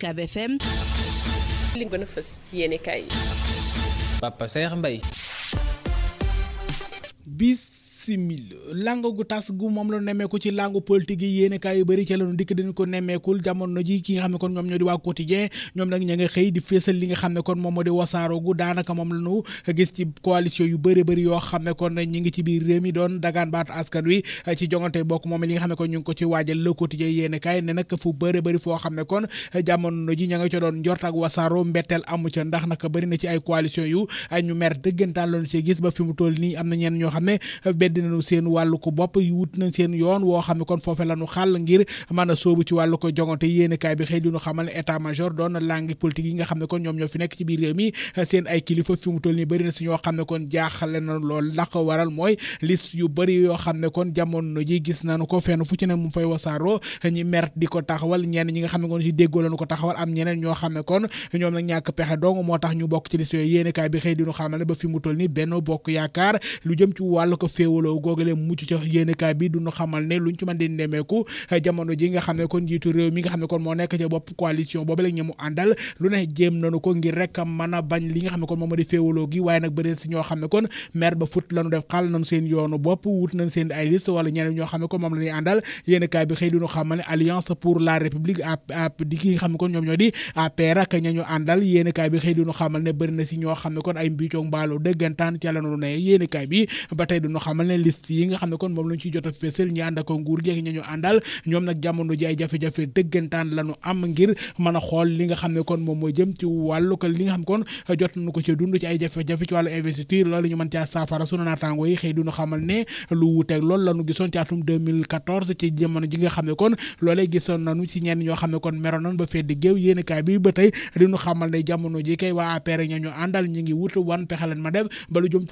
UCAB FM li gën a fës ci yéenekaay yi Papa Saer Mbaye bis simil langu gu tas gu moom la nemmeeku ci langu politique yi yéen kaay yu bëri ca lañu dikk dañu ko nemmeekul jamono ji ki nga xam ne kon ñoom ñoo la ko ci waajal ne nag fu bëri bëri foo xam ne kon jamono ji ña nga ca njort ak wasaaro mbetteel amu ca ndax naka bëri na ci ay coalition yu am na ñeen ñoo xam ne dinañu seen wàllu ko bopp yu wut nañ seen yoon woo xam ne kon foofe la ñu xàll ngir mën a soobu ci wàllu ko jongante yéenekaay bi xëy di ñu xamal ne na langue yi nga ne kon ñoom ñoo fi nekk ci biir réew mi ne kon jaaxale na lool la ko waral mooy yu bëri yoo xam ne kon jamono ji gis nañu ko fenn fu mu fay wasaaroo ñi mer di ko taxawal ñenn ñi nga xam ne kon si déggoo lañu ko taxawal am ñeneen ñoo xam ne kon ñoom nag ñàkk moo tax ñu bokk ci liste yooyu yéenekaay bi xëy di ñu xamal ne ba fi mu toll nii Benno Bokk Yaakaar lu jëm ci wàllu ko féewal xuloo googale mucc ca yéenekaay bi duñu xamal ne luñ ci mën di nemeeku jamono ji nga xam ne kon njiitu réew mi nga xam kon moo nekk ca bopp coalition boobu la ko ngir rek a bañ li nga xam ne kon moom moo di féewaloo gi waaye nag bëri si xam ne kon maire yoonu bopp wut nañ seen ay liste wala ñeneen ñoo xam ne la ñuy àndal yéenekaay bi xëy duñu la république ap di ki nga xam ne kon ñoom ñoo di APR ak bi xëy duñu xamal ne bëri na si ñoo xam ne kon ay mbiicoog mbaaloo dëggantaan ca la ñu ne yéenekaay bi ba tey duñu xamal ne liste yi nga xam kon moom lañ ciy jot a fésal ñi ànd nguur gi ak ñu àndal ñoom nag jamono ji ay jafe-jafe dëggantaan la am ngir mën a xool li nga xam kon moom mooy jëm ci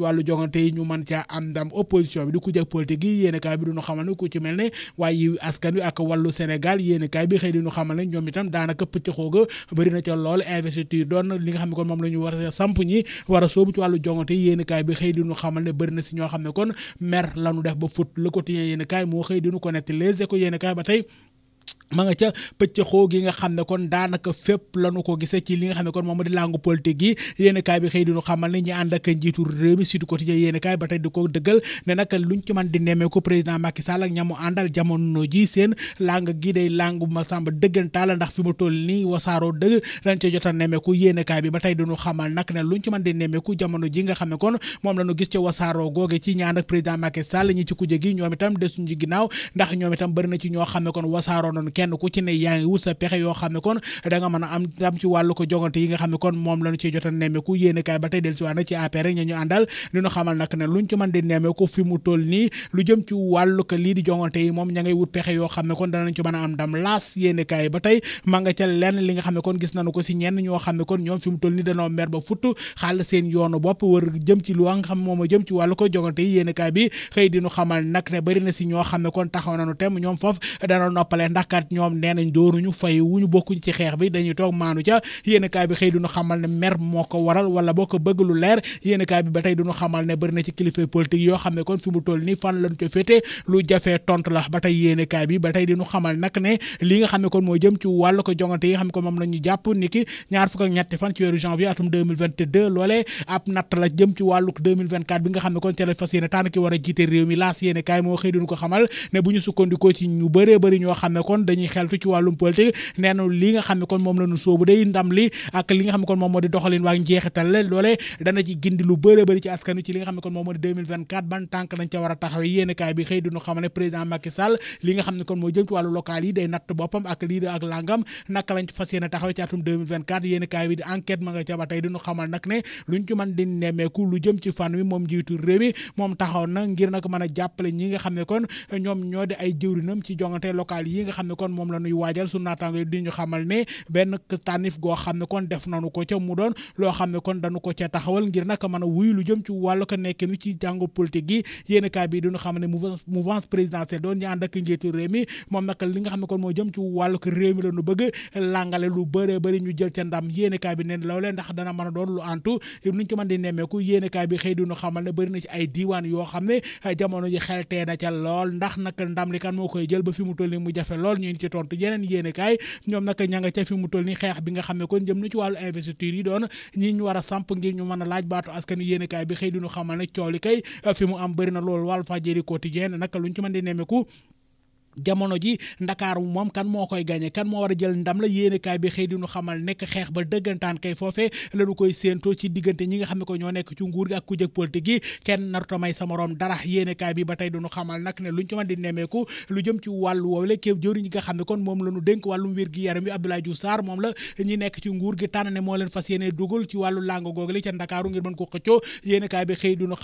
wàllu jongante yi ñu mën caa am ndam opposition opposition bi di ku jeg politique yi yéen kaay bi duñu xamal ne ku ci mel ne waaye askan wi ak wàllu Sénégal yéen kaay bi xëy diñu xamal ne ñoom itam daanaka pëcc xooga bëri na lool investiture doon li nga xam ne kon moom la war a samp ñi war a soobu ci wàllu jongante yéen kaay bi xëy diñu xamal ne bëri si ñoo xam ne kon mer la def ba fut le quotidien yéen kaay moo xëy diñu connecté les échos yéen kaay ba tey ma nga ca pëccëxoo gi nga xam ne kon daanaka fépp la nu ko gisee ci li nga xam ne kon moom di langue politique yi yéen bi xëy di ñu ànd ak njiitu réew mi yéen kaay ba tey di ko dëggal ne nag luñ ci mën di nemmeeku président Macky Sall ak ñamu àndal jamono ji seen langue gi day langue bu ma sàmb ndax fi mu toll nii wasaaroo dëgg dañ ca jota nemmeeku yéen kaay bi ba tey di ñu xamal nag ne luñ ci mën di nemmeeku jamono ji ne kon moom la ñu gis ci wasaaroo googe ci ñi ànd ak président Macky ñi ci kujje gi ñoom itam desuñu ginnaaw ndax ñoom itam bëri na ci ñoo xam ne kon wasaaroo noonu kenn ku ci ne yaa ngi wut sa pexe yoo xam kon da nga a am am ci wàllu ko jogante yi nga na ko lii di jogante yi moom ña ngay wut pexe yoo xam ne a am ndam ci lu a ko jogante yi yéen bi xëy di xamal nag ne bëri si ñoo xam kon taxaw tem ñoom foofu dana noppale ndax kat kat ñoom nee nañ doonuñu fay wuñu bokkuñ ci xeex bi dañuy toog maanu ca yéen bi xëy duñu xamal ne mer ne ci kilifa politique yoo xam kon fi toll nii fan lañ jàpp ni ñaar fukk ak fan ci weeru janvier atum 2022 loolee ab natt jëm ci wàllu 2024 bi nga xam kon ca la fas ki war jiite réew mi laas yéen moo xëy duñu ko xamal ne bu ñu sukkandikoo ci ñu bëree bëri ñoo xam ne kon dañuy xeltu ci wàllum politique nee na nga xam ne kon moom la ñu sóobu day ndam li ak li nga xam ne kon moom a taxaw na ngir nag mën a jàppale ñi nga xam ne kon ñoom ñoo di ay jëwrinam ci jongante local yi nga xam ne kon moom la nuy waajal su naataango di ñu xamal ne benn tànnif goo xam ne kon def nanu ko ca mu doon loo xam ne kon dañu ko ca taxawal ngir nag mën a wuyu lu jëm ci wàllu ko nekk ni bi duñu xam ne mouvance présidentielle doon ñu ànd ak njiitu réew mi moom nag li nga xam jëm ci wàllu ko réew la ñu bëgg làngale lu bëree bëri ñu jël ca ndam yéen kaay bi neen ndax dana mën a doon lu antu nuñ ci mën di nemmeeku yéen kaay bi xëy duñu xamal ne bëri na ci ay diiwaan yoo xam ne jamono ji xel na ca lool ndax nag ndam li kan moo koy jël ba leen ci tontu yeneen yéene kaay ñoom nag ña nga ca fi mu toll ni xeex bi nga xam ne kon jëm na ci wàllu investiture yi doon ñi wara war a samp ngir ñu mën a laaj baatu askan yéene kaay bi xëy diñu xamal ne cooli kay fi mu am bëri na loolu Walf Fadjri quotidien nag luñ ci mën di nemeku jamono ji ndakaaru moom kan moo koy gañe kan moo war a jël ndam la yéenekaay bi xëy di ñu xamal nekk xeex ba dëggantaan kay foofee lañu koy séentoo ci diggante ñi nga xam ne ko ñoo nekk ci nguur gi ak ku jëkk politique yi kenn naruta may sa morom dara yéenekaay bi ba ne luñ ci mën di nemmeeku lu jëm ci wàllu woowule képp jëwriñ nga xam ne kon moom lañu dénk wàllum wér gi yaram wi Abdoulaye Diouf Sarr moom la ñi nekk ci nguur gi tànn ne moo leen fas yéene dugal ci wàllu làngu googale ca ndakaaru ngir mën ko xëccoo yéenekaay bi xëy duñu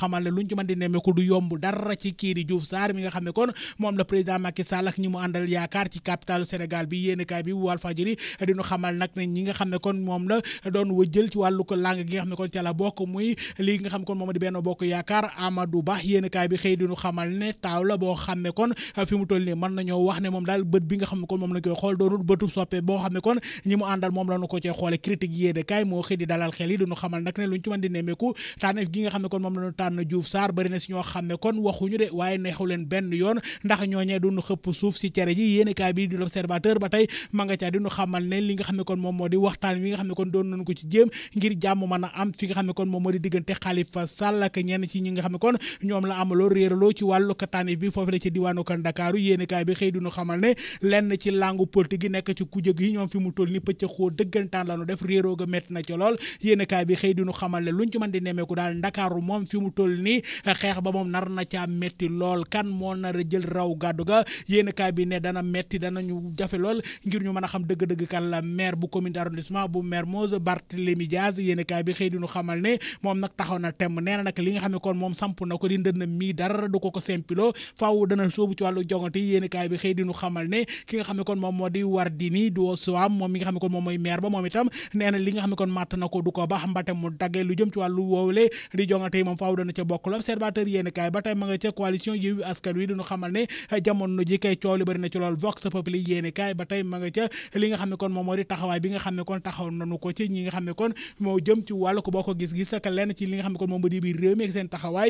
di nemmeeku du yomb dara ci kii di Diouf Sarr mi nga xam ne kon moom la président Macky Sall Sall ak ñi mu àndal yaakaar ci capitalu Sénégal bi yéenekaay bi Walfadjri di ñu xamal nag ne ñi nga xam kon moom la doon wëjjël ci wàllu ko langue gi nga xam ne kon tànn Diouf Sarr bari na si ñoo xam kon waxuñu de waaye neexu leen benn yoon ndax ñooñee duñu xëpp jàpp suuf si cere ji yéen kaay bi di l'observateur ba tey ma nga nu xamal ne li nga xam ne moom moo di waxtaan wi nga xam ne ko ci jéem a am fi nga xam moom moo di diggante Khalifa Sall ak ñenn ci ñi xam ne kon ñoom la amaloo réeraloo ci wàllu kataani bi foofu la ci diwaanu kan Dakar yéen kaay bi xëy di nu xamal ne lenn ci langu ñoom fi mu toll ni pëcc xoo dëggantaan la nu def réeroo ga métti na ci lool yéen kaay bi xëy nu xamal ne luñ ci mën di nemeeku daal Ndakaaru moom fi mu toll nii xeex ba moom nar na caa métti lool kan moo nar a jël raw gàddu ga yéen kaay bi ne dana metti dana ñu jafe lool ngir ñu mën a xam dëgg-dëgg kan la maire bu commune d'arrondissement bu Mermoz Barthélémy Dias yéen kaay bi kaay bi xëy di xamal ne ki nga xam moom moom mooy maire ba moom itam nee li nga xam ne kon na ko du ko baax mbate mu daggee lu jëm ci wàllu woowule di jongante yi moom faaw dana ca bokk l'observateur yéen kaay ba tey ma nga ca coalition Yewwi Askan Wi di xamal ne jamono ji fekkee coow li bëri na ci lool vox populi yéene kaay ba tey ma nga ca li nga xam ne kon moom moo di taxawaay bi nga xam ne kon taxaw nanu ko ci ñi nga xam ne kon moom moo di biir bi nga xam kon a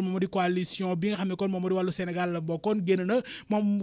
moom moo di coalition Sénégal la bokkoon génn na moom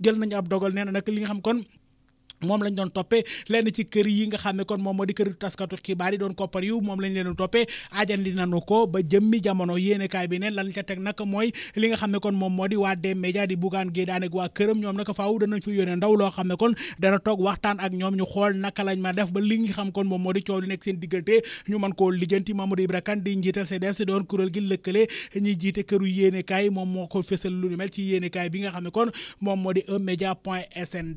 jël nañu ab dogal nee na nag li nga xam kon moom lañ doon toppee lenn ci kër yi nga xam ne kon moom moo di këru taskatu xibaar yi doon koppar yu moom lañ leen toppee ajaan nanu ko ba jëmmi jamono yéenekaay bi ne lan ca teg nag mooy li nga xam ne kon moom moo di waa D-Média di Bougane Gueye Dany ak waa këram ñoom nag faaw danañ fi yónnee ndaw loo xam ne kon dana toog waxtaan naka lañ ma def ba li xam kon moom moo di coow li nekk seen diggante ñu mën koo lijjanti Mamadou Ibra Kane di njiital CDF si doon kuréel gi lëkkale ñuy jiite moo ko fësal lu mel ci bi nga xam ne kon moom moo di eMédia point sn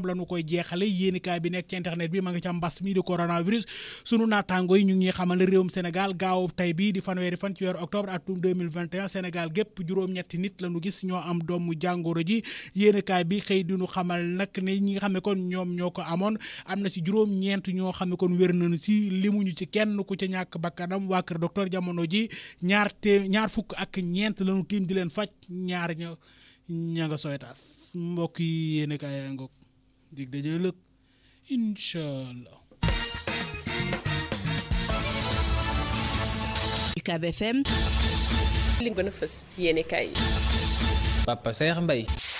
com la ñu koy jeexale yéenikaay bi nekk ci internet bi ma ngi ca mbas mi di coronavirus sunu naataango yi ñu ngi xamal réewum Sénégal gaaw tey bii di fanweeri fan ci weeru octobre atum 2021 Sénégal gépp juróom-ñetti nit la ñu gis ñoo am doomu jàngoro ji yéenikaay bi xëy di ñu xamal nag ne ñi nga xam ne kon ñoom ñoo ko amoon am na si juróom-ñeent ñoo xam ne kon wér nañu si limuñu ci kenn ku ca ñàkk bakkanam waa kër docteur jamono ji ñaar te ñaar fukk ak ñeent la ñu di leen faj ñaar ña ña nga sooy taas mbokk yi yéen a kaay dig daje ëllëg incha allah. UCAB FM. li gën a fës ci yéen Papa Saer Mbaye.